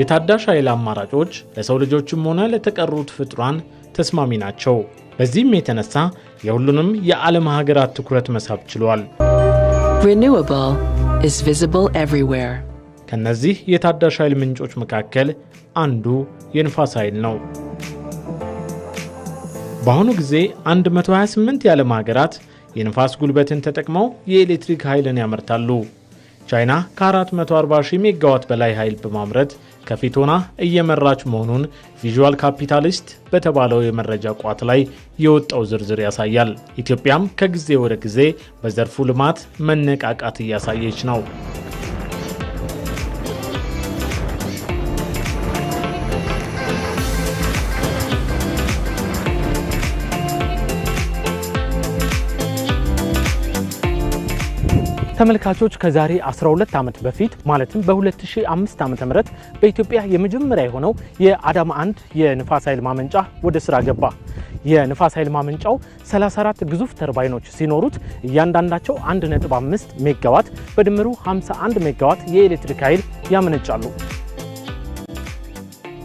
የታዳሽ ኃይል አማራጮች ለሰው ልጆችም ሆነ ለተቀሩት ፍጥሯን ተስማሚ ናቸው። በዚህም የተነሳ የሁሉንም የዓለም ሀገራት ትኩረት መሳብ ችሏል። ከእነዚህ ከነዚህ የታዳሽ ኃይል ምንጮች መካከል አንዱ የንፋስ ኃይል ነው። በአሁኑ ጊዜ 128 የዓለም ሀገራት የንፋስ ጉልበትን ተጠቅመው የኤሌክትሪክ ኃይልን ያመርታሉ። ቻይና ከ440 ሺህ ሜጋዋት በላይ ኃይል በማምረት ከፊት ሆና እየመራች መሆኑን ቪዥዋል ካፒታሊስት በተባለው የመረጃ ቋት ላይ የወጣው ዝርዝር ያሳያል። ኢትዮጵያም ከጊዜ ወደ ጊዜ በዘርፉ ልማት መነቃቃት እያሳየች ነው። ተመልካቾች ከዛሬ 12 ዓመት በፊት ማለትም በ2005 ም በኢትዮጵያ የመጀመሪያ የሆነው የአዳማ አንድ የንፋስ ኃይል ማመንጫ ወደ ስራ ገባ። የንፋስ ኃይል ማመንጫው 34 ግዙፍ ተርባይኖች ሲኖሩት እያንዳንዳቸው 1.5 ሜጋዋት በድምሩ 51 ሜጋዋት የኤሌክትሪክ ኃይል ያመነጫሉ።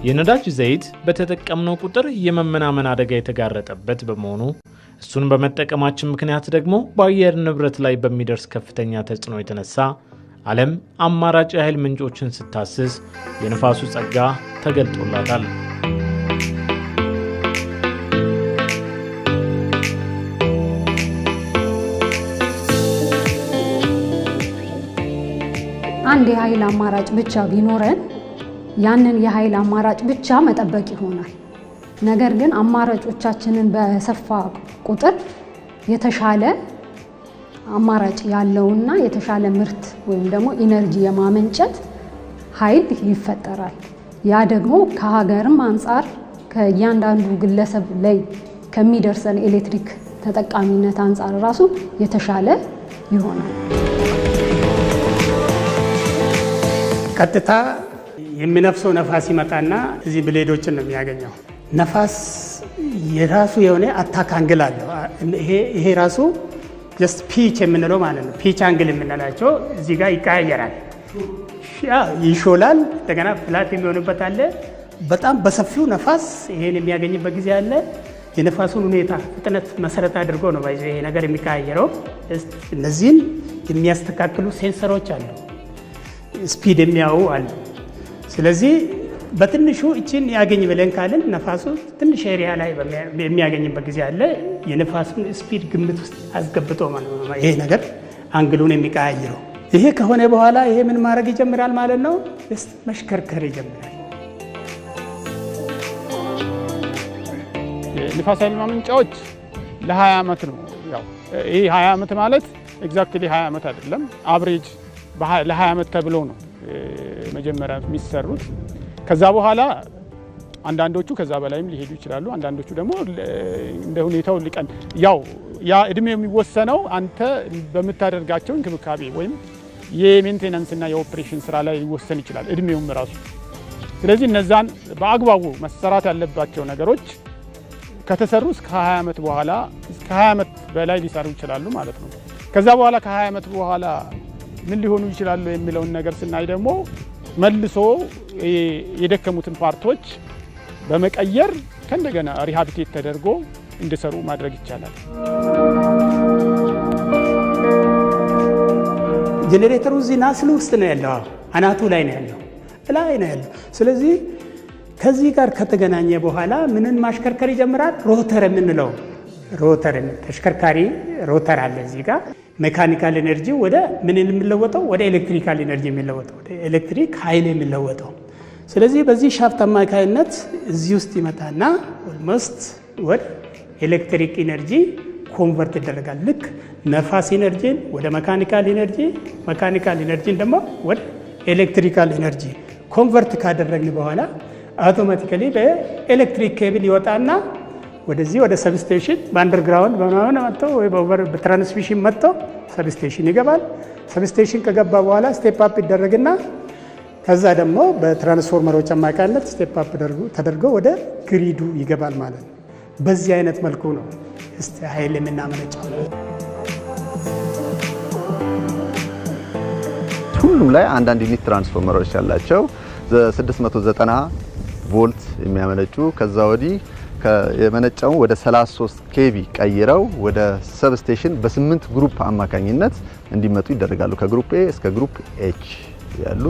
የነዳጅ ዘይት በተጠቀምነው ቁጥር የመመናመን አደጋ የተጋረጠበት በመሆኑ እሱን በመጠቀማችን ምክንያት ደግሞ በአየር ንብረት ላይ በሚደርስ ከፍተኛ ተጽዕኖ የተነሳ ዓለም አማራጭ የኃይል ምንጮችን ስታስስ የንፋሱ ጸጋ ተገልጦላታል። አንድ የኃይል አማራጭ ብቻ ቢኖረን ያንን የኃይል አማራጭ ብቻ መጠበቅ ይሆናል። ነገር ግን አማራጮቻችንን በሰፋ ቁጥር የተሻለ አማራጭ ያለውና የተሻለ ምርት ወይም ደግሞ ኢነርጂ የማመንጨት ኃይል ይፈጠራል። ያ ደግሞ ከሀገርም አንጻር ከእያንዳንዱ ግለሰብ ላይ ከሚደርሰን ኤሌክትሪክ ተጠቃሚነት አንጻር ራሱ የተሻለ ይሆናል። ቀጥታ የሚነፍሰው ነፋስ ይመጣና እዚህ ብሌዶችን ነው የሚያገኘው። ነፋስ የራሱ የሆነ አታክ አንግል አለው። ይሄ ራሱ ጀስት ፒች የምንለው ማለት ነው። ፒች አንግል የምንላቸው እዚህ ጋር ይቀያየራል፣ ይሾላል፣ እንደገና ፍላት የሚሆንበት አለ። በጣም በሰፊው ነፋስ ይሄን የሚያገኝበት ጊዜ አለ። የነፋሱን ሁኔታ ፍጥነት መሰረት አድርጎ ነው ይዞ ይሄ ነገር የሚቀያየረው። እነዚህን የሚያስተካክሉ ሴንሰሮች አሉ፣ ስፒድ የሚያዩ አሉ። ስለዚህ በትንሹ እችን ያገኝ ብለን ካልን ነፋሱ ትንሽ ኤሪያ ላይ የሚያገኝበት ጊዜ አለ። የነፋሱን ስፒድ ግምት ውስጥ አስገብቶ ይሄ ነገር አንግሉን የሚቀያይረው ይሄ ከሆነ በኋላ ይሄ ምን ማድረግ ይጀምራል ማለት ነው፣ ስ መሽከርከር ይጀምራል። ንፋስ ኃይል ማመንጫዎች ለ20 ዓመት ነው። ያው ይህ 20 ዓመት ማለት ኤግዛክትሊ 20 ዓመት አይደለም፣ አብሬጅ ለ20 ዓመት ተብሎ ነው መጀመሪያ የሚሰሩት። ከዛ በኋላ አንዳንዶቹ ከዛ በላይም ሊሄዱ ይችላሉ። አንዳንዶቹ ደግሞ እንደ ሁኔታው ሊቀን ያው ያ እድሜ የሚወሰነው አንተ በምታደርጋቸው እንክብካቤ ወይም የሜንቴናንስና የኦፕሬሽን ስራ ላይ ሊወሰን ይችላል እድሜውም ራሱ። ስለዚህ እነዛን በአግባቡ መሰራት ያለባቸው ነገሮች ከተሰሩ እስከ 20 ዓመት በኋላ እስከ 20 ዓመት በላይ ሊሰሩ ይችላሉ ማለት ነው። ከዛ በኋላ ከ20 ዓመት በኋላ ምን ሊሆኑ ይችላሉ የሚለውን ነገር ስናይ ደግሞ መልሶ የደከሙትን ፓርቶች በመቀየር ከእንደገና ሪሃብቴት ተደርጎ እንዲሰሩ ማድረግ ይቻላል። ጄኔሬተሩ እዚህ ናስል ውስጥ ነው ያለው፣ አናቱ ላይ ነው ያለው፣ እላይ ነው ያለው። ስለዚህ ከዚህ ጋር ከተገናኘ በኋላ ምንን ማሽከርከር ይጀምራል? ሮተር የምንለው ሮተር ተሽከርካሪ ሮተር አለ እዚህ ጋር ሜካኒካል ኤነርጂ ወደ ምን የሚለወጠው ወደ ኤሌክትሪካል ኤነርጂ የሚለወጠው ወደ ኤሌክትሪክ ኃይል የሚለወጠው ስለዚህ በዚህ ሻፍት አማካይነት እዚህ ውስጥ ይመጣና ኦልሞስት ወደ ኤሌክትሪክ ኢነርጂ ኮንቨርት ይደረጋል። ልክ ነፋስ ኢነርጂን ወደ መካኒካል ኢነርጂ፣ መካኒካል ኢነርጂን ደግሞ ወደ ኤሌክትሪካል ኢነርጂ ኮንቨርት ካደረግን በኋላ አውቶማቲካሊ በኤሌክትሪክ ኬብል ይወጣና ወደዚህ ወደ ሰብስቴሽን በአንደርግራውንድ በምናምን መጥቶ ወይ በትራንስሚሽን መጥቶ ሰብስቴሽን ይገባል። ሰብስቴሽን ከገባ በኋላ ስቴፕ አፕ ይደረግና ከዛ ደግሞ በትራንስፎርመሮች አማካኝነት ስቴፕ አፕ ተደርጎ ወደ ግሪዱ ይገባል ማለት ነው። በዚህ አይነት መልኩ ነው እስቲ ኃይል የምናመነጨው። ሁሉም ላይ አንዳንድ ዩኒት ትራንስፎርመሮች ያላቸው 690 ቮልት የሚያመነጩ ከዛ ወዲህ የመነጨው ወደ 33 ኬቪ ቀይረው ወደ ሰብስቴሽን በ8 ግሩፕ አማካኝነት እንዲመጡ ይደረጋሉ። ከግሩፕ ኤ እስከ ግሩፕ ኤች ያሉ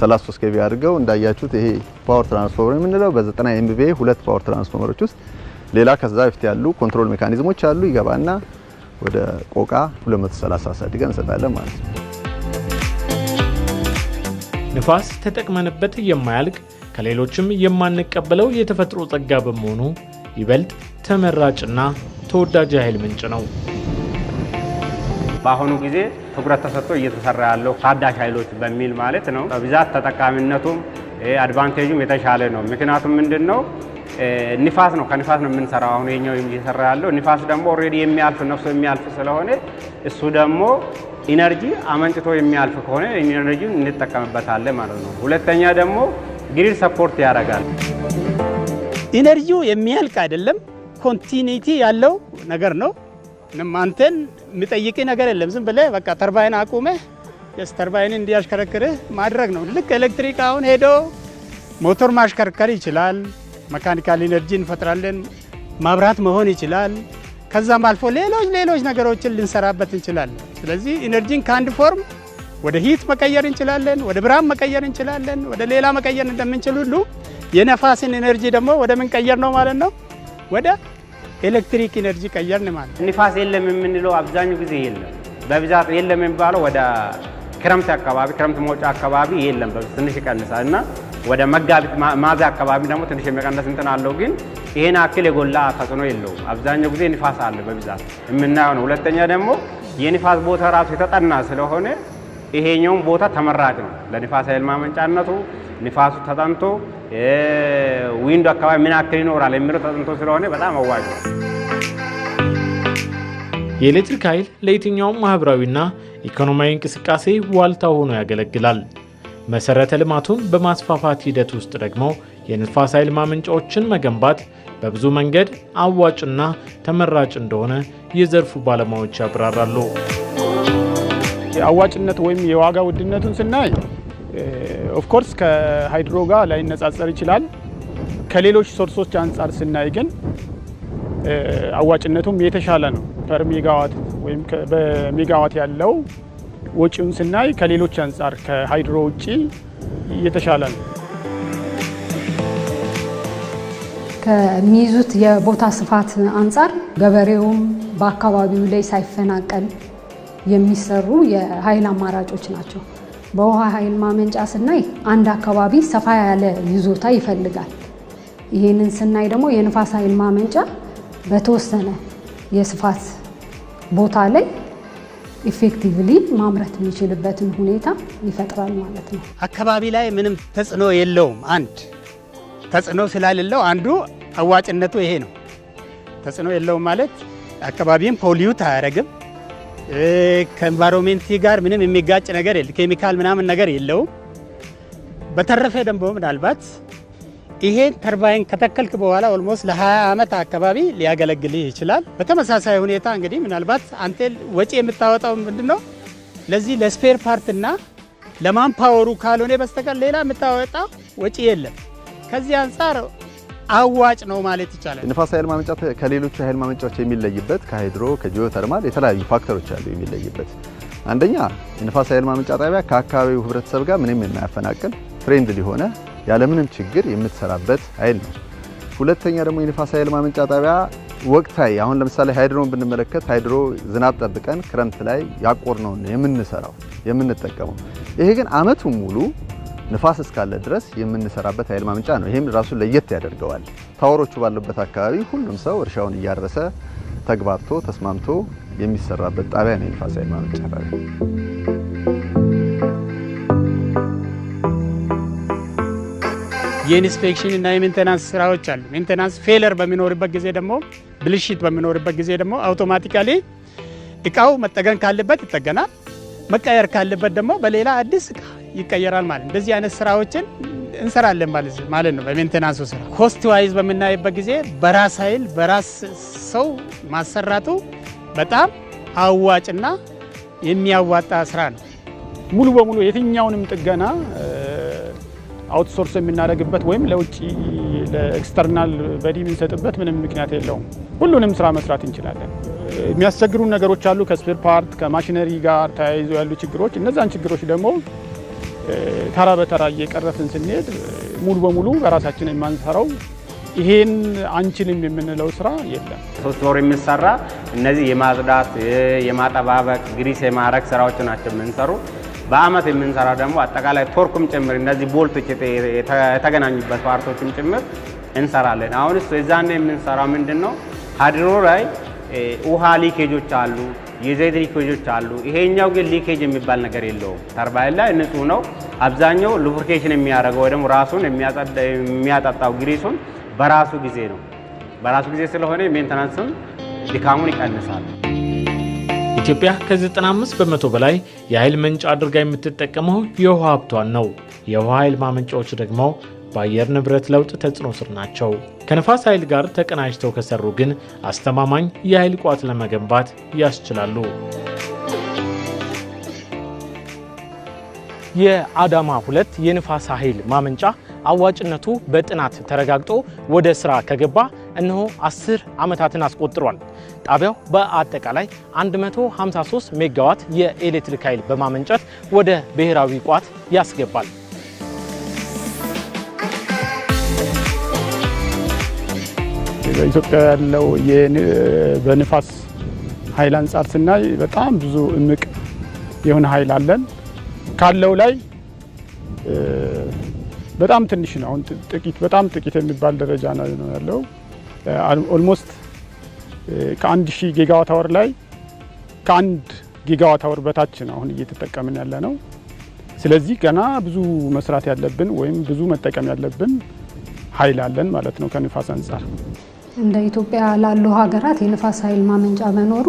33 ኬቪ አድርገው እንዳያችሁት ይሄ ፓወር ትራንስፎርመር የምንለው በ90 ኤምቪ ሁለት ፓወር ትራንስፎርመሮች ውስጥ ሌላ ከዛ በፊት ያሉ ኮንትሮል ሜካኒዝሞች አሉ። ይገባና ወደ ቆቃ 230 አሳድገን እንሰጣለን ማለት ነው። ንፋስ ተጠቅመንበት የማያልቅ ከሌሎችም የማንቀበለው የተፈጥሮ ጸጋ በመሆኑ ይበልጥ ተመራጭና ተወዳጅ የኃይል ምንጭ ነው። በአሁኑ ጊዜ ትኩረት ተሰጥቶ እየተሰራ ያለው ታዳሽ ኃይሎች በሚል ማለት ነው። በብዛት ተጠቃሚነቱም አድቫንቴጁም የተሻለ ነው። ምክንያቱም ምንድን ነው ንፋስ ነው፣ ከንፋስ ነው የምንሰራው። አሁን የኛው እየሰራ ያለው ንፋስ ደግሞ ኦልሬዲ የሚያልፍ ነፍሶ የሚያልፍ ስለሆነ እሱ ደግሞ ኢነርጂ አመንጭቶ የሚያልፍ ከሆነ ኢነርጂ እንጠቀምበታለን ማለት ነው። ሁለተኛ ደግሞ ግሪድ ሰፖርት ያደርጋል። ኢነርጂው የሚያልቅ አይደለም፣ ኮንቲኒቲ ያለው ነገር ነው። አንተን የሚጠይቅ ነገር የለም። ዝም ብለህ በቃ ተርባይን አቁመህ ስ ተርባይን እንዲያሽከረክርህ ማድረግ ነው። ልክ ኤሌክትሪክ አሁን ሄዶ ሞተር ማሽከርከር ይችላል። መካኒካል ኢነርጂ እንፈጥራለን። ማብራት መሆን ይችላል። ከዛም አልፎ ሌሎች ሌሎች ነገሮችን ልንሰራበት እንችላለን። ስለዚህ ኢነርጂን ከአንድ ፎርም ወደ ሂት መቀየር እንችላለን፣ ወደ ብርሃን መቀየር እንችላለን፣ ወደ ሌላ መቀየር እንደምንችል ሁሉ የነፋስን ኢነርጂ ደግሞ ወደ ምን ቀየር ነው ማለት ነው ወደ ኤሌክትሪክ ኢነርጂ ቀየርን ማለት ነው። ንፋስ የለም የምንለው አብዛኛው ጊዜ የለም። በብዛት የለም የሚባለው ወደ ክረምት አካባቢ ክረምት መውጫ አካባቢ የለም ትንሽ ይቀንሳል እና ወደ መጋቢት ማዛ አካባቢ ደግሞ ትንሽ የሚቀንስ እንትን አለው። ግን ይህን አክል የጎላ ተጽዕኖ የለውም። አብዛኛው ጊዜ ንፋስ አለ በብዛት የምናየው ነው። ሁለተኛ ደግሞ የንፋስ ቦታ ራሱ የተጠና ስለሆነ ይሄኛውም ቦታ ተመራጭ ነው ለንፋስ ኃይል ማመንጫነቱ ንፋሱ ተጠንቶ ዊንዶ አካባቢ ምን ያክል ይኖራል የሚለው ተጥንቶ ስለሆነ በጣም አዋጭ ነው። የኤሌክትሪክ ኃይል ለየትኛውም ማህበራዊና ኢኮኖሚያዊ እንቅስቃሴ ዋልታ ሆኖ ያገለግላል። መሰረተ ልማቱን በማስፋፋት ሂደት ውስጥ ደግሞ የንፋስ ኃይል ማመንጫዎችን መገንባት በብዙ መንገድ አዋጭና ተመራጭ እንደሆነ የዘርፉ ባለሙያዎች ያብራራሉ። አዋጭነት ወይም የዋጋ ውድነቱን ስናይ ኦፍኮርስ ከሃይድሮ ጋር ላይነጻጸር ይችላል። ከሌሎች ሶርሶች አንጻር ስናይ ግን አዋጭነቱም የተሻለ ነው። ፐር ሜጋዋት ወይም በሜጋዋት ያለው ወጪውን ስናይ ከሌሎች አንጻር ከሃይድሮ ውጪ የተሻለ ነው። ከሚይዙት የቦታ ስፋት አንጻር ገበሬውም በአካባቢው ላይ ሳይፈናቀል የሚሰሩ የኃይል አማራጮች ናቸው። በውሃ ኃይል ማመንጫ ስናይ አንድ አካባቢ ሰፋ ያለ ይዞታ ይፈልጋል። ይህንን ስናይ ደግሞ የንፋስ ኃይል ማመንጫ በተወሰነ የስፋት ቦታ ላይ ኢፌክቲቭሊ ማምረት የሚችልበትን ሁኔታ ይፈጥራል ማለት ነው። አካባቢ ላይ ምንም ተጽዕኖ የለውም። አንድ ተጽዕኖ ስላሌለው አንዱ አዋጭነቱ ይሄ ነው። ተጽዕኖ የለውም ማለት አካባቢም ፖሊዩት አያደርግም። ከኤንቫይሮንሜንት ጋር ምንም የሚጋጭ ነገር የለ፣ ኬሚካል ምናምን ነገር የለውም። በተረፈ ደንቦ ምናልባት ይሄን ተርባይን ከተከልክ በኋላ ኦልሞስት ለ20 ዓመት አካባቢ ሊያገለግልህ ይችላል። በተመሳሳይ ሁኔታ እንግዲህ ምናልባት አንተ ወጪ የምታወጣው ምንድን ነው ለዚህ ለስፔር ፓርትና ለማንፓወሩ ካልሆነ በስተቀር ሌላ የምታወጣ ወጪ የለም። ከዚህ አንጻር አዋጭ ነው ማለት ይቻላል። ንፋስ ኃይል ማመንጫ ከሌሎቹ ኃይል ማመንጫዎች የሚለይበት ከሃይድሮ ከጂኦ ተርማል የተለያዩ ፋክተሮች አሉ የሚለይበት። አንደኛ የንፋስ ኃይል ማመንጫ ጣቢያ ከአካባቢው ህብረተሰብ ጋር ምንም የማያፈናቅል ፍሬንድ ሊሆነ ያለምንም ችግር የምትሰራበት ኃይል ነው። ሁለተኛ ደግሞ የንፋስ ኃይል ማመንጫ ጣቢያ ወቅታዊ አሁን ለምሳሌ ሃይድሮን ብንመለከት ሃይድሮ ዝናብ ጠብቀን ክረምት ላይ ነው የምንሰራው የምንጠቀመው። ይሄ ግን አመቱን ሙሉ ንፋስ እስካለ ድረስ የምንሰራበት ኃይል ማመንጫ ነው። ይህም ራሱ ለየት ያደርገዋል። ታወሮቹ ባሉበት አካባቢ ሁሉም ሰው እርሻውን እያረሰ ተግባብቶ ተስማምቶ የሚሰራበት ጣቢያ ነው የንፋስ ኃይል ማመንጫ ጣቢያ። የኢንስፔክሽን እና የሜንቴናንስ ስራዎች አሉ። ሜንቴናንስ ፌለር በሚኖርበት ጊዜ ደግሞ ብልሽት በሚኖርበት ጊዜ ደግሞ አውቶማቲካሊ እቃው መጠገን ካለበት ይጠገናል። መቀየር ካለበት ደግሞ በሌላ አዲስ እቃ ይቀየራል ማለት እንደዚህ አይነት ስራዎችን እንሰራለን ማለት ነው። በሜንቴናንሱ ስራ ኮስት ዋይዝ በምናይበት ጊዜ በራስ ኃይል በራስ ሰው ማሰራቱ በጣም አዋጭና የሚያዋጣ ስራ ነው። ሙሉ በሙሉ የትኛውንም ጥገና አውትሶርስ የምናደርግበት ወይም ለውጭ ለኤክስተርናል በዲ የምንሰጥበት ምንም ምክንያት የለውም። ሁሉንም ስራ መስራት እንችላለን። የሚያስቸግሩን ነገሮች አሉ፣ ከስፔር ፓርት ከማሽነሪ ጋር ተያይዞ ያሉ ችግሮች። እነዛን ችግሮች ደግሞ ተራ በተራ እየቀረፍን ስንሄድ ሙሉ በሙሉ በራሳችን የማንሰራው ይሄን አንችልም የምንለው ስራ የለም። ሶስት ወር የምንሰራ እነዚህ የማጽዳት የማጠባበቅ፣ ግሪስ የማረግ ስራዎች ናቸው የምንሰሩ። በአመት የምንሰራ ደግሞ አጠቃላይ ቶርኩም ጭምር እነዚህ ቦልቶች የተገናኙበት ፓርቶችም ጭምር እንሰራለን። አሁን እሱ የዛኔ የምንሰራው ምንድን ነው ሀድሮ ላይ ውሃ ሊኬጆች አሉ የዘይት ሊኬጆች አሉ። ይሄኛው ግን ሊኬጅ የሚባል ነገር የለውም። ተርባይን ላይ ንጹህ ነው። አብዛኛው ሉብሪኬሽን የሚያደርገው ወይ ደግሞ ራሱን የሚያጠጣው ግሪሱን በራሱ ጊዜ ነው። በራሱ ጊዜ ስለሆነ ሜንተናንስም ድካሙን ይቀንሳል። ኢትዮጵያ ከ95 በመቶ በላይ የኃይል ምንጭ አድርጋ የምትጠቀመው የውሃ ሀብቷን ነው። የውሃ ኃይል ማመንጫዎች ደግሞ በአየር ንብረት ለውጥ ተጽዕኖ ስር ናቸው። ከነፋስ ኃይል ጋር ተቀናጅተው ከሰሩ ግን አስተማማኝ የኃይል ቋት ለመገንባት ያስችላሉ። የአዳማ ሁለት የንፋስ ኃይል ማመንጫ አዋጭነቱ በጥናት ተረጋግጦ ወደ ስራ ከገባ እነሆ 10 ዓመታትን አስቆጥሯል። ጣቢያው በአጠቃላይ 153 ሜጋዋት የኤሌክትሪክ ኃይል በማመንጨት ወደ ብሔራዊ ቋት ያስገባል። በኢትዮጵያ ያለው በንፋስ ኃይል አንጻር ስናይ በጣም ብዙ እምቅ የሆነ ኃይል አለን። ካለው ላይ በጣም ትንሽ ነው። አሁን ጥቂት በጣም ጥቂት የሚባል ደረጃ ነው ያለው። ኦልሞስት ከአንድ ሺህ ጊጋዋ ታወር ላይ ከአንድ ጊጋዋ ታወር በታች ነው አሁን እየተጠቀምን ያለ ነው። ስለዚህ ገና ብዙ መስራት ያለብን ወይም ብዙ መጠቀም ያለብን ኃይል አለን ማለት ነው ከንፋስ አንጻር እንደ ኢትዮጵያ ላሉ ሀገራት የንፋስ ኃይል ማመንጫ መኖሩ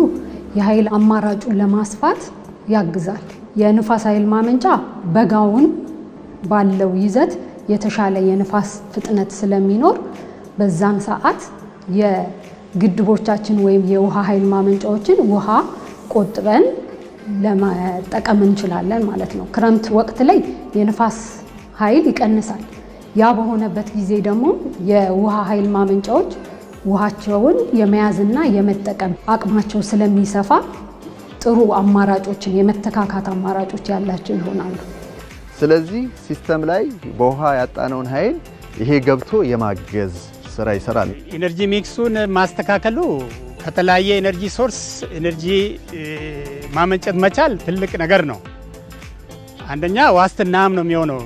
የኃይል አማራጩን ለማስፋት ያግዛል። የንፋስ ኃይል ማመንጫ በጋውን ባለው ይዘት የተሻለ የንፋስ ፍጥነት ስለሚኖር በዛን ሰዓት የግድቦቻችን ወይም የውሃ ኃይል ማመንጫዎችን ውሃ ቆጥበን ለመጠቀም እንችላለን ማለት ነው። ክረምት ወቅት ላይ የንፋስ ኃይል ይቀንሳል። ያ በሆነበት ጊዜ ደግሞ የውሃ ኃይል ማመንጫዎች ውሃቸውን የመያዝና የመጠቀም አቅማቸው ስለሚሰፋ ጥሩ አማራጮችን የመተካካት አማራጮች ያላቸው ይሆናሉ። ስለዚህ ሲስተም ላይ በውሃ ያጣነውን ኃይል ይሄ ገብቶ የማገዝ ስራ ይሰራል። ኢነርጂ ሚክሱን ማስተካከሉ ከተለያየ ኤነርጂ ሶርስ ኤነርጂ ማመንጨት መቻል ትልቅ ነገር ነው። አንደኛ ዋስትናም ነው የሚሆነው።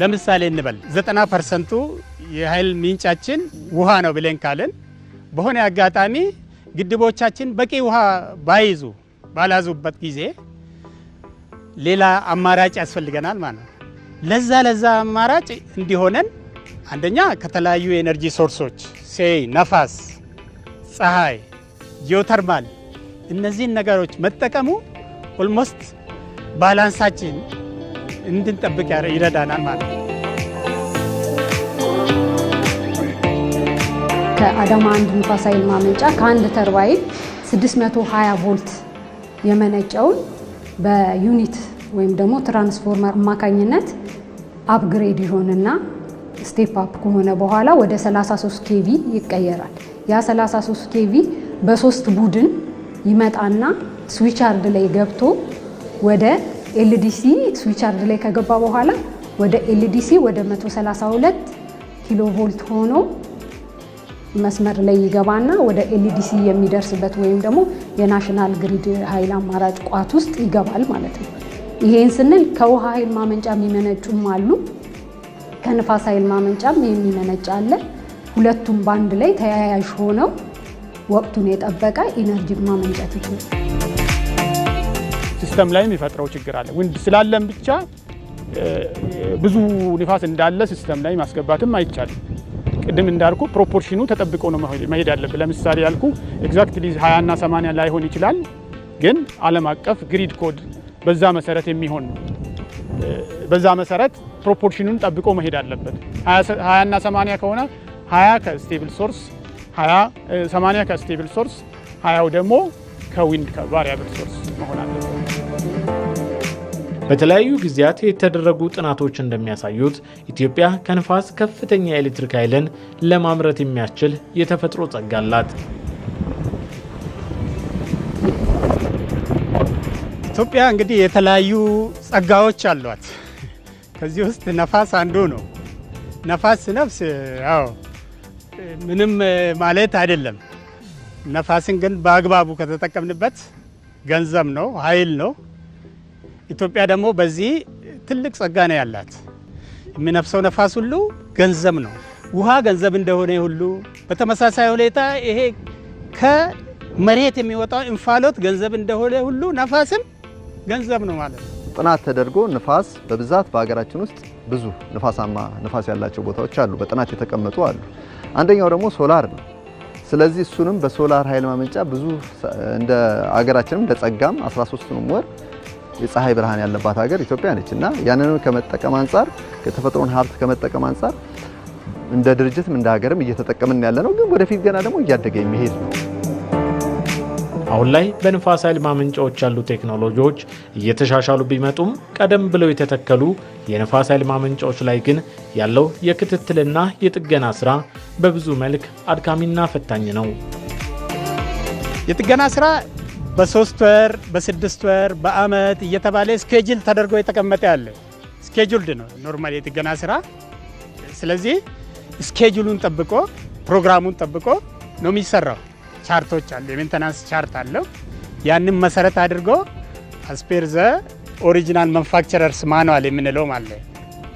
ለምሳሌ እንበል ዘጠና ፐርሰንቱ የኃይል ምንጫችን ውሃ ነው ብለን ካለን በሆነ አጋጣሚ ግድቦቻችን በቂ ውሃ ባይዙ ባላዙበት ጊዜ ሌላ አማራጭ ያስፈልገናል ማለት ነው። ለዛ ለዛ አማራጭ እንዲሆነን አንደኛ ከተለያዩ የኤነርጂ ሶርሶች ሴይ፣ ነፋስ፣ ፀሐይ፣ ጂኦተርማል እነዚህን ነገሮች መጠቀሙ ኦልሞስት ባላንሳችን እንድንጠብቅ ይረዳናል ማለት ነው። ከአዳማ አንድ ንፋስ ኃይል ማመንጫ ከአንድ ተርባይን 620 ቮልት የመነጨውን በዩኒት ወይም ደግሞ ትራንስፎርመር አማካኝነት አፕግሬድ ይሆንና ስቴፕ አፕ ከሆነ በኋላ ወደ 33 ኬቪ ይቀየራል። ያ 33 ኬቪ በሶስት ቡድን ይመጣና ስዊቻርድ ላይ ገብቶ ወደ ኤልዲሲ ስዊቻርድ ላይ ከገባ በኋላ ወደ ኤልዲሲ ወደ 132 ኪሎ ቮልት ሆኖ መስመር ላይ ይገባና ወደ ኤልዲሲ የሚደርስበት ወይም ደግሞ የናሽናል ግሪድ ኃይል አማራጭ ቋት ውስጥ ይገባል ማለት ነው። ይሄን ስንል ከውሃ ኃይል ማመንጫ የሚመነጩም አሉ፣ ከንፋስ ኃይል ማመንጫም የሚመነጭ አለ። ሁለቱም በአንድ ላይ ተያያዥ ሆነው ወቅቱን የጠበቀ ኢነርጂ ማመንጨት ይችላል። ሲስተም ላይም የሚፈጥረው ችግር አለ። ዊንድ ስላለን ብቻ ብዙ ንፋስ እንዳለ ሲስተም ላይ ማስገባትም አይቻልም። ቅድም እንዳልኩ ፕሮፖርሽኑ ተጠብቆ ነው መሄድ ያለብን። ለምሳሌ ያልኩ ኤግዛክትሊ 20 እና 80 ላይሆን ይችላል፣ ግን ዓለም አቀፍ ግሪድ ኮድ በዛ መሰረት የሚሆን በዛ መሰረት ፕሮፖርሽኑን ጠብቆ መሄድ አለበት። 20 እና 80 ከሆነ 20 ከስቴብል ሶርስ 20 80 ከስቴብል ሶርስ 20 ደግሞ ከዊንድ ከቫሪያብል ሶርስ መሆን አለበት። በተለያዩ ጊዜያት የተደረጉ ጥናቶች እንደሚያሳዩት ኢትዮጵያ ከንፋስ ከፍተኛ የኤሌክትሪክ ኃይልን ለማምረት የሚያስችል የተፈጥሮ ጸጋ አላት። ኢትዮጵያ እንግዲህ የተለያዩ ጸጋዎች አሏት። ከዚህ ውስጥ ነፋስ አንዱ ነው። ነፋስ ነፍስ ያው ምንም ማለት አይደለም። ነፋስን ግን በአግባቡ ከተጠቀምንበት ገንዘብ ነው፣ ኃይል ነው። ኢትዮጵያ ደግሞ በዚህ ትልቅ ጸጋ ነው ያላት። የሚነፍሰው ነፋስ ሁሉ ገንዘብ ነው። ውሃ ገንዘብ እንደሆነ ሁሉ በተመሳሳይ ሁኔታ ይሄ ከመሬት የሚወጣው እንፋሎት ገንዘብ እንደሆነ ሁሉ ነፋስም ገንዘብ ነው ማለት ነው። ጥናት ተደርጎ ንፋስ በብዛት በሀገራችን ውስጥ ብዙ ንፋሳማ ንፋስ ያላቸው ቦታዎች አሉ፣ በጥናት የተቀመጡ አሉ። አንደኛው ደግሞ ሶላር ነው። ስለዚህ እሱንም በሶላር ኃይል ማመንጫ ብዙ እንደ አገራችንም እንደ ጸጋም 13ቱንም ወር የፀሐይ ብርሃን ያለባት ሀገር ኢትዮጵያ ነች እና ያንንም ከመጠቀም አንጻር የተፈጥሮን ሀብት ከመጠቀም አንጻር እንደ ድርጅትም እንደ ሀገርም እየተጠቀምን ያለ ነው። ግን ወደፊት ገና ደግሞ እያደገ የሚሄድ ነው። አሁን ላይ በንፋስ ኃይል ማመንጫዎች ያሉ ቴክኖሎጂዎች እየተሻሻሉ ቢመጡም ቀደም ብለው የተተከሉ የንፋስ ኃይል ማመንጫዎች ላይ ግን ያለው የክትትልና የጥገና ስራ በብዙ መልክ አድካሚና ፈታኝ ነው። የጥገና ስራ በሶስት ወር በስድስት ወር በአመት እየተባለ ስኬጁል ተደርጎ የተቀመጠ ያለ ስኬጁልድ ነው ኖርማል የጥገና ስራ። ስለዚህ ስኬጁሉን ጠብቆ ፕሮግራሙን ጠብቆ ነው የሚሰራው። ቻርቶች አሉ፣ የሜንተናንስ ቻርት አለው። ያንም መሰረት አድርጎ አስፔርዘ ኦሪጂናል መንፋክቸረርስ ማንዋል የምንለው አለ፣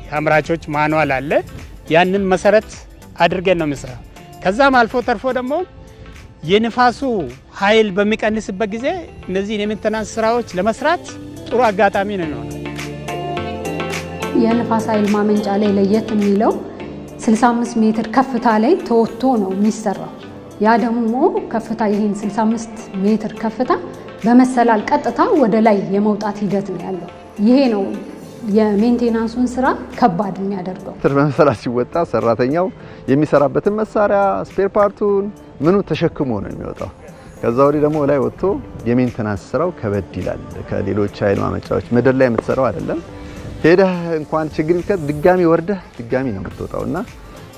የአምራቾች ማንዋል አለ። ያንን መሰረት አድርገን ነው የሚሰራው። ከዛም አልፎ ተርፎ ደግሞ የንፋሱ ኃይል በሚቀንስበት ጊዜ እነዚህን የሜንተናንስ ስራዎች ለመስራት ጥሩ አጋጣሚ ነው የሚሆነው። የንፋስ ኃይል ማመንጫ ላይ ለየት የሚለው 65 ሜትር ከፍታ ላይ ተወጥቶ ነው የሚሰራው። ያ ደግሞ ከፍታ ይህን 65 ሜትር ከፍታ በመሰላል ቀጥታ ወደ ላይ የመውጣት ሂደት ነው ያለው። ይሄ ነው የሜንቴናንሱን ስራ ከባድ የሚያደርገው። በመሰላል ሲወጣ ሰራተኛው የሚሰራበትን መሳሪያ ስፔር ፓርቱን ምኑ ተሸክሞ ነው የሚወጣው። ከዛ ወዲህ ደግሞ ላይ ወጥቶ የሜንተናንስ ስራው ከበድ ይላል። ከሌሎች ኃይል ማመንጫዎች ምድር ላይ የምትሰራው አይደለም። ሄደህ እንኳን ችግር ቢከት ድጋሚ ወርደህ ድጋሚ ነው የምትወጣው እና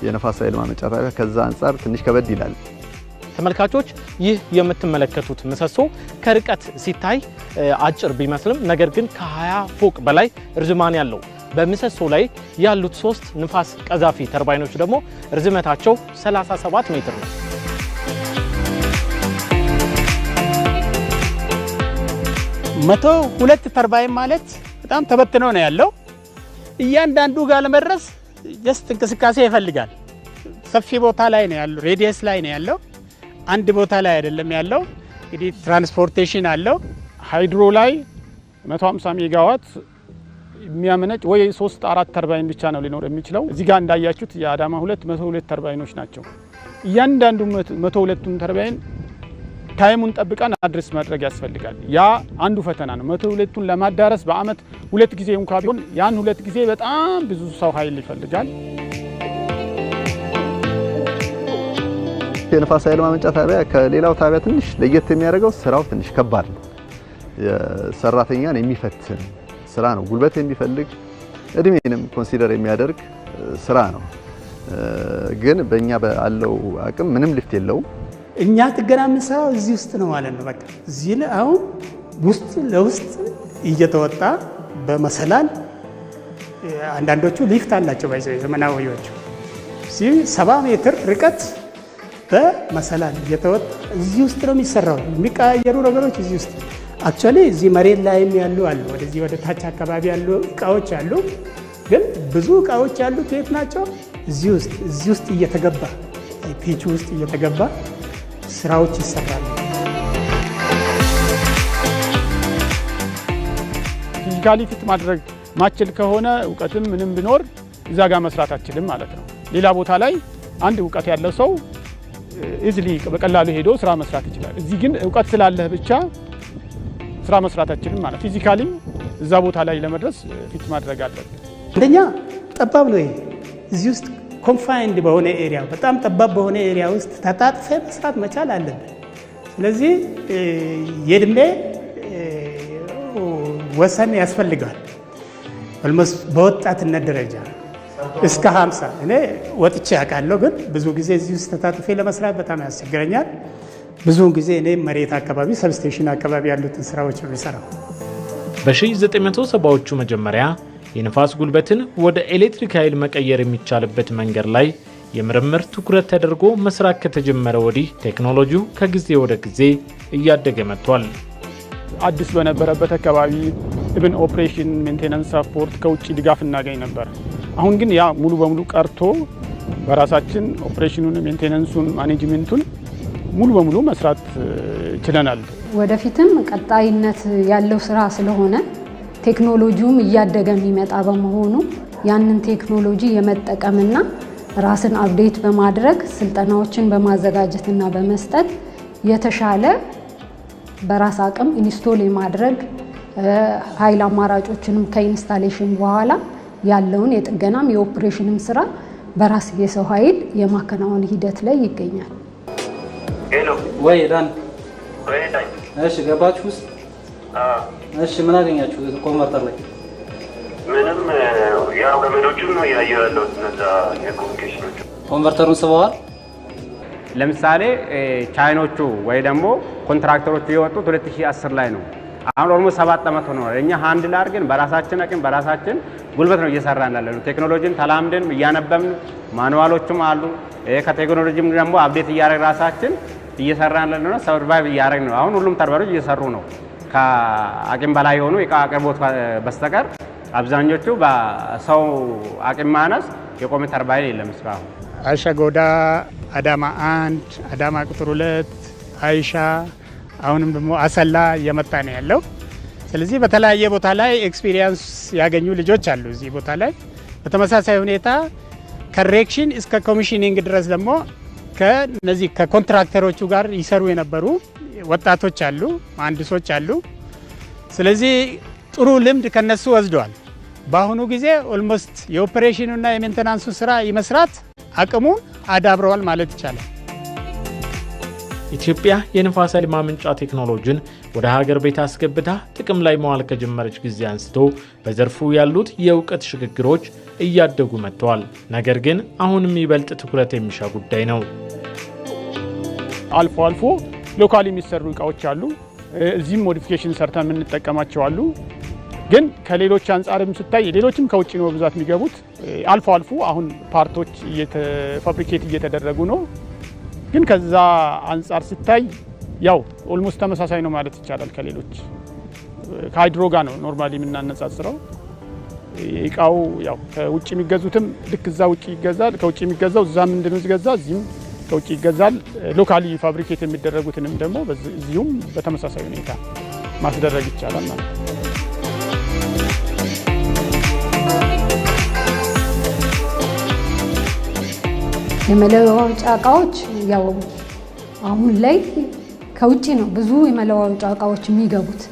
የነፋስ ኃይል ማመንጫ ታዲያ ከዛ አንጻር ትንሽ ከበድ ይላል። ተመልካቾች ይህ የምትመለከቱት ምሰሶ ከርቀት ሲታይ አጭር ቢመስልም ነገር ግን ከ20 ፎቅ በላይ ርዝማን ያለው በምሰሶ ላይ ያሉት ሶስት ንፋስ ቀዛፊ ተርባይኖች ደግሞ ርዝመታቸው 37 ሜትር ነው። መቶ ሁለት ተርባይን ማለት በጣም ተበትኖ ነው ያለው። እያንዳንዱ ጋር ለመድረስ ጀስት እንቅስቃሴ ይፈልጋል። ሰፊ ቦታ ላይ ነው ያለው፣ ሬዲየስ ላይ ነው ያለው። አንድ ቦታ ላይ አይደለም ያለው። እንግዲህ ትራንስፖርቴሽን አለው። ሃይድሮ ላይ 150 ሜጋዋት የሚያመነጭ ወይ ሶስት አራት ተርባይን ብቻ ነው ሊኖር የሚችለው። እዚህ ጋር እንዳያችሁት የአዳማ ሁለት መቶ ሁለት ተርባይኖች ናቸው። እያንዳንዱ መቶ ሁለቱን ተርባይን ታይሙን ጠብቀን አድረስ ማድረግ ያስፈልጋል። ያ አንዱ ፈተና ነው። መቶ ሁለቱን ለማዳረስ በአመት ሁለት ጊዜ እንኳ ቢሆን ያን ሁለት ጊዜ በጣም ብዙ ሰው ኃይል ይፈልጋል። የንፋስ ኃይል ማመንጫ ታቢያ ከሌላው ታቢያ ትንሽ ለየት የሚያደርገው ስራው ትንሽ ከባድ ነው። ሰራተኛን የሚፈትን ስራ ነው። ጉልበት የሚፈልግ እድሜንም ኮንሲደር የሚያደርግ ስራ ነው። ግን በእኛ ባለው አቅም ምንም ሊፍት የለውም። እኛ ጥገና የምንሰራው እዚህ ውስጥ ነው ማለት ነው። በቃ እዚህ ላይ አሁን ውስጥ ለውስጥ እየተወጣ በመሰላል አንዳንዶቹ ሊፍት አላቸው ባይዘ ዘመናዊዎቹ እዚህ ሰባ ሜትር ርቀት በመሰላል እየተወጣ እዚህ ውስጥ ነው የሚሰራው። የሚቀያየሩ ነገሮች እዚህ ውስጥ አክቹዋሊ እዚህ መሬት ላይም ያሉ አሉ። ወደዚህ ወደ ታች አካባቢ ያሉ እቃዎች አሉ። ግን ብዙ እቃዎች ያሉት የት ናቸው? እዚህ ውስጥ እዚህ ውስጥ እየተገባ ፒች ውስጥ እየተገባ ስራዎች ይሰራሉ። ፊዚካሊ ፊት ማድረግ ማችል ከሆነ እውቀትም ምንም ቢኖር እዛ ጋር መስራት አችልም ማለት ነው። ሌላ ቦታ ላይ አንድ እውቀት ያለው ሰው ኢዝሊ በቀላሉ ሄዶ ስራ መስራት ይችላል። እዚህ ግን እውቀት ስላለህ ብቻ ስራ መስራት አችልም ማለት ፊዚካሊ እዛ ቦታ ላይ ለመድረስ ፊት ማድረግ አለብን። አንደኛ ጠባብ ነው ይሄ እዚህ ውስጥ ኮንፋይንድ በሆነ ኤሪያ በጣም ጠባብ በሆነ ኤሪያ ውስጥ ተጣጥፈ መስራት መቻል አለብን። ስለዚህ የእድሜ ወሰን ያስፈልጋል። ኦልሞስት በወጣትነት ደረጃ እስከ 50 እኔ ወጥቼ ያውቃለሁ፣ ግን ብዙ ጊዜ እዚህ ውስጥ ተጣጥፌ ለመስራት በጣም ያስቸግረኛል። ብዙውን ጊዜ እኔ መሬት አካባቢ ሰብስቴሽን አካባቢ ያሉትን ስራዎች የሚሰራው በ በ1970ዎቹ መጀመሪያ የንፋስ ጉልበትን ወደ ኤሌክትሪክ ኃይል መቀየር የሚቻልበት መንገድ ላይ የምርምር ትኩረት ተደርጎ መስራት ከተጀመረ ወዲህ ቴክኖሎጂው ከጊዜ ወደ ጊዜ እያደገ መጥቷል። አዲስ በነበረበት አካባቢ ኢብን ኦፕሬሽን፣ ሜንቴናንስ፣ ሳፖርት ከውጭ ድጋፍ እናገኝ ነበር። አሁን ግን ያ ሙሉ በሙሉ ቀርቶ በራሳችን ኦፕሬሽኑን፣ ሜንቴናንሱን፣ ማኔጅመንቱን ሙሉ በሙሉ መስራት ችለናል። ወደፊትም ቀጣይነት ያለው ስራ ስለሆነ ቴክኖሎጂውም እያደገ የሚመጣ በመሆኑ ያንን ቴክኖሎጂ የመጠቀምና ራስን አፕዴት በማድረግ ስልጠናዎችን በማዘጋጀትና በመስጠት የተሻለ በራስ አቅም ኢንስቶል የማድረግ ኃይል አማራጮችንም ከኢንስታሌሽን በኋላ ያለውን የጥገናም የኦፕሬሽንም ስራ በራስ የሰው ኃይል የማከናወን ሂደት ላይ ይገኛል ወይ ገባችሁ ውስጥ እሺ ምን አገኛችሁ ኮንቨርተር ላይ? ምንም ያው ገመዶቹን ነው እያየሁ ያለሁት። እነዛ የኮሚኒኬሽኖቹ ኮንቨርተሩን ስበዋል። ለምሳሌ ቻይኖቹ ወይ ደግሞ ኮንትራክተሮቹ የወጡት 2010 ላይ ነው። አሁን ኦልሞ ሰባት ዓመት ነው። እኛ ሃንድል አድርገን በራሳችን አቅም በራሳችን ጉልበት ነው እየሰራ እንዳለ ነው። ቴክኖሎጂን ተላምደን እያነበብን ማኑዋሎቹም አሉ። ከቴክኖሎጂም ደግሞ አብዴት እያደረግ ራሳችን እየሰራ እየሰራን ነው። ሰርቫይቭ እያደረግ ነው። አሁን ሁሉም ተርባሪዎች እየሰሩ ነው። ከአቅም በላይ የሆኑ የእቃ አቅርቦት በስተቀር አብዛኞቹ በሰው አቅም ማነስ የቆመ ተርባይን የለም እስካሁን። አይሻ ጎዳ፣ አዳማ አንድ፣ አዳማ ቁጥር ሁለት፣ አይሻ አሁንም ደግሞ አሰላ እየመጣ ነው ያለው። ስለዚህ በተለያየ ቦታ ላይ ኤክስፒሪየንስ ያገኙ ልጆች አሉ እዚህ ቦታ ላይ። በተመሳሳይ ሁኔታ ከሬክሽን እስከ ኮሚሽኒንግ ድረስ ደግሞ ከነዚህ ከኮንትራክተሮቹ ጋር ይሰሩ የነበሩ ወጣቶች አሉ፣ መሀንዲሶች አሉ። ስለዚህ ጥሩ ልምድ ከነሱ ወስደዋል። በአሁኑ ጊዜ ኦልሞስት የኦፕሬሽኑና የሜንተናንሱ ስራ የመስራት አቅሙን አዳብረዋል ማለት ይቻላል። ኢትዮጵያ የንፋስ ኃይል ማመንጫ ቴክኖሎጂን ወደ ሀገር ቤት አስገብታ ጥቅም ላይ መዋል ከጀመረች ጊዜ አንስቶ በዘርፉ ያሉት የእውቀት ሽግግሮች እያደጉ መጥተዋል። ነገር ግን አሁንም ይበልጥ ትኩረት የሚሻ ጉዳይ ነው። አልፎ አልፎ ሎካል የሚሰሩ እቃዎች አሉ። እዚህም ሞዲፊኬሽን ሰርተን የምንጠቀማቸው አሉ። ግን ከሌሎች አንጻርም ስታይ ሌሎችም ከውጭ ነው በብዛት የሚገቡት። አልፎ አልፎ አሁን ፓርቶች ፋብሪኬት እየተደረጉ ነው። ግን ከዛ አንጻር ስታይ ያው ኦልሞስት ተመሳሳይ ነው ማለት ይቻላል። ከሌሎች ከሃይድሮ ጋር ነው ኖርማሊ የምናነጻጽረው። እቃው ያው ከውጭ የሚገዙትም ልክ እዛ ውጭ ይገዛል። ከውጭ የሚገዛው እዛም እንደምንገዛ እዚህም ከውጭ ይገዛል። ሎካሊ ፋብሪኬት የሚደረጉትንም ደግሞ እዚሁም በተመሳሳይ ሁኔታ ማስደረግ ይቻላል ማለት ነው። የመለዋወጫ እቃዎች ያው አሁን ላይ ከውጭ ነው ብዙ የመለዋወጫ እቃዎች የሚገቡት።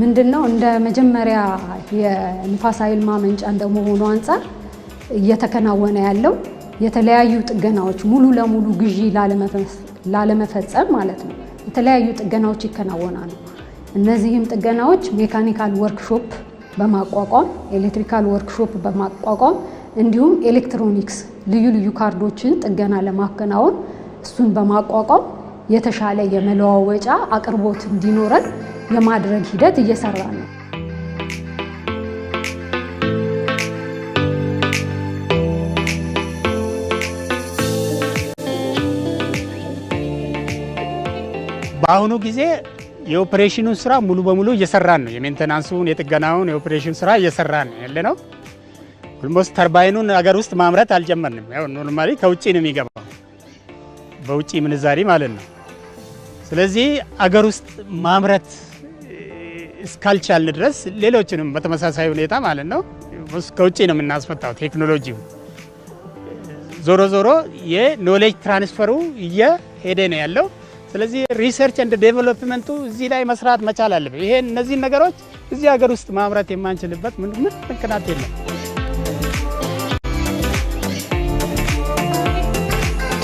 ምንድን ነው እንደ መጀመሪያ የንፋስ ኃይል ማመንጫ እንደመሆኑ አንጻር እየተከናወነ ያለው የተለያዩ ጥገናዎች ሙሉ ለሙሉ ግዢ ላለመፈጸም ማለት ነው የተለያዩ ጥገናዎች ይከናወናሉ። እነዚህም ጥገናዎች ሜካኒካል ወርክሾፕ በማቋቋም ኤሌክትሪካል ወርክሾፕ በማቋቋም እንዲሁም ኤሌክትሮኒክስ ልዩ ልዩ ካርዶችን ጥገና ለማከናወን እሱን በማቋቋም የተሻለ የመለዋወጫ አቅርቦት እንዲኖረን የማድረግ ሂደት እየሰራ ነው። በአሁኑ ጊዜ የኦፕሬሽኑን ስራ ሙሉ በሙሉ እየሰራን ነው። የሜንተናንሱን፣ የጥገናውን፣ የኦፕሬሽን ስራ እየሰራን ነው ያለ ነው። ኦልሞስት ተርባይኑን አገር ውስጥ ማምረት አልጀመርንም። ያው ኖርማሊ ከውጭ ነው የሚገባው በውጭ ምንዛሪ ማለት ነው። ስለዚህ አገር ውስጥ ማምረት እስካልቻልን ድረስ ሌሎችንም በተመሳሳይ ሁኔታ ማለት ነው ከውጭ ነው የምናስፈታው ቴክኖሎጂው። ዞሮ ዞሮ የኖሌጅ ትራንስፈሩ እየሄደ ነው ያለው። ስለዚህ ሪሰርች ኤንድ ዴቨሎፕመንቱ እዚህ ላይ መስራት መቻል አለብን። ይሄን እነዚህን ነገሮች እዚህ ሀገር ውስጥ ማምረት የማንችልበት ምን ምክንያት የለም።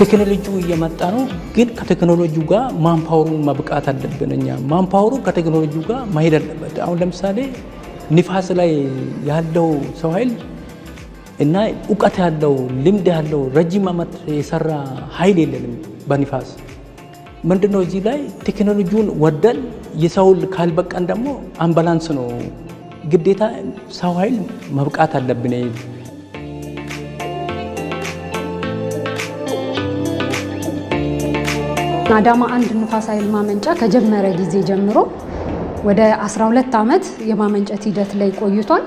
ቴክኖሎጂው እየመጣ ነው፣ ግን ከቴክኖሎጂው ጋር ማንፓወሩን መብቃት አለብን እኛ። ማንፓወሩ ከቴክኖሎጂ ጋር መሄድ አለበት። አሁን ለምሳሌ ንፋስ ላይ ያለው ሰው ኃይል እና እውቀት ያለው ልምድ ያለው ረጅም ዓመት የሰራ ኃይል የለንም በንፋስ ምንድነው እዚህ ላይ ቴክኖሎጂውን ወደን የሰውን ካልበቃን ደግሞ አምባላንስ ነው። ግዴታ ሰው ኃይል መብቃት አለብን። አዳማ አንድ ንፋስ ኃይል ማመንጫ ከጀመረ ጊዜ ጀምሮ ወደ 12 ዓመት የማመንጨት ሂደት ላይ ቆይቷል።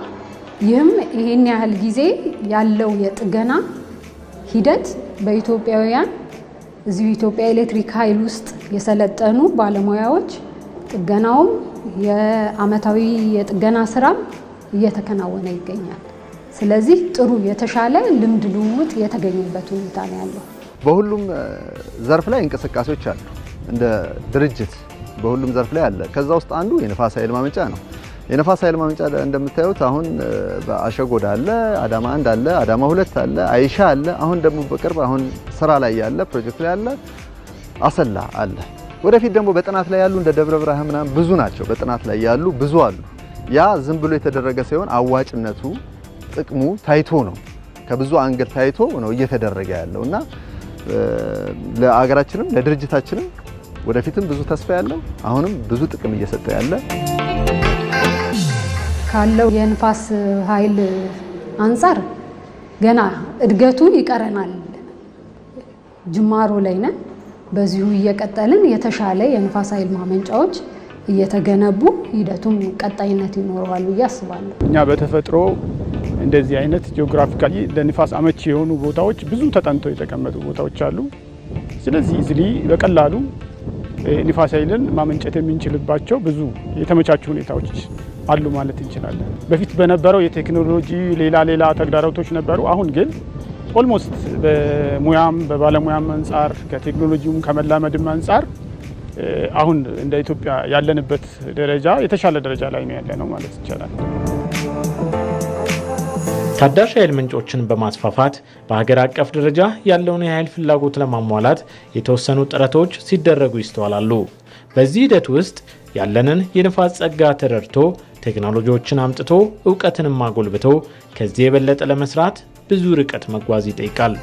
ይህም ይህን ያህል ጊዜ ያለው የጥገና ሂደት በኢትዮጵያውያን እዚሁ ኢትዮጵያ ኤሌክትሪክ ኃይል ውስጥ የሰለጠኑ ባለሙያዎች ጥገናውም የአመታዊ የጥገና ስራም እየተከናወነ ይገኛል። ስለዚህ ጥሩ የተሻለ ልምድ ልውውጥ የተገኘበት ሁኔታ ነው ያለው። በሁሉም ዘርፍ ላይ እንቅስቃሴዎች አሉ። እንደ ድርጅት በሁሉም ዘርፍ ላይ አለ። ከዛ ውስጥ አንዱ የንፋስ ኃይል ማመንጫ ነው። የነፋስ ኃይል ማመንጫ እንደምታዩት አሁን በአሸጎዳ አለ፣ አዳማ አንድ አለ፣ አዳማ ሁለት አለ፣ አይሻ አለ። አሁን ደግሞ በቅርብ አሁን ስራ ላይ ያለ ፕሮጀክት ላይ ያለ አሰላ አለ። ወደፊት ደግሞ በጥናት ላይ ያሉ እንደ ደብረ ብርሃን ምናምን ብዙ ናቸው። በጥናት ላይ ያሉ ብዙ አሉ። ያ ዝም ብሎ የተደረገ ሳይሆን አዋጭነቱ ጥቅሙ ታይቶ ነው። ከብዙ አንግል ታይቶ ነው እየተደረገ ያለው እና ለአገራችንም ለድርጅታችንም ወደፊትም ብዙ ተስፋ ያለው አሁንም ብዙ ጥቅም እየሰጠ ያለ ካለው የንፋስ ኃይል አንጻር ገና እድገቱ ይቀረናል። ጅማሮ ላይ ነን። በዚሁ እየቀጠልን የተሻለ የንፋስ ኃይል ማመንጫዎች እየተገነቡ ሂደቱም ቀጣይነት ይኖረዋል ብዬ አስባለሁ። እኛ በተፈጥሮ እንደዚህ አይነት ጂኦግራፊካሊ ለንፋስ አመቺ የሆኑ ቦታዎች ብዙ ተጠንተው የተቀመጡ ቦታዎች አሉ። ስለዚህ ዝሊ በቀላሉ ንፋስ ኃይልን ማመንጨት የምንችልባቸው ብዙ የተመቻቹ ሁኔታዎች አሉ ማለት እንችላለን። በፊት በነበረው የቴክኖሎጂ ሌላ ሌላ ተግዳሮቶች ነበሩ። አሁን ግን ኦልሞስት በሙያም በባለሙያም አንጻር ከቴክኖሎጂውም ከመላመድም አንጻር አሁን እንደ ኢትዮጵያ ያለንበት ደረጃ የተሻለ ደረጃ ላይ ነው ያለ ነው ማለት ይቻላል። ታዳሽ ኃይል ምንጮችን በማስፋፋት በሀገር አቀፍ ደረጃ ያለውን የኃይል ፍላጎት ለማሟላት የተወሰኑ ጥረቶች ሲደረጉ ይስተዋላሉ። በዚህ ሂደት ውስጥ ያለንን የንፋስ ጸጋ ተረድቶ ቴክኖሎጂዎችን አምጥቶ እውቀትን አጎልብቶ ከዚህ የበለጠ ለመስራት ብዙ ርቀት መጓዝ ይጠይቃል።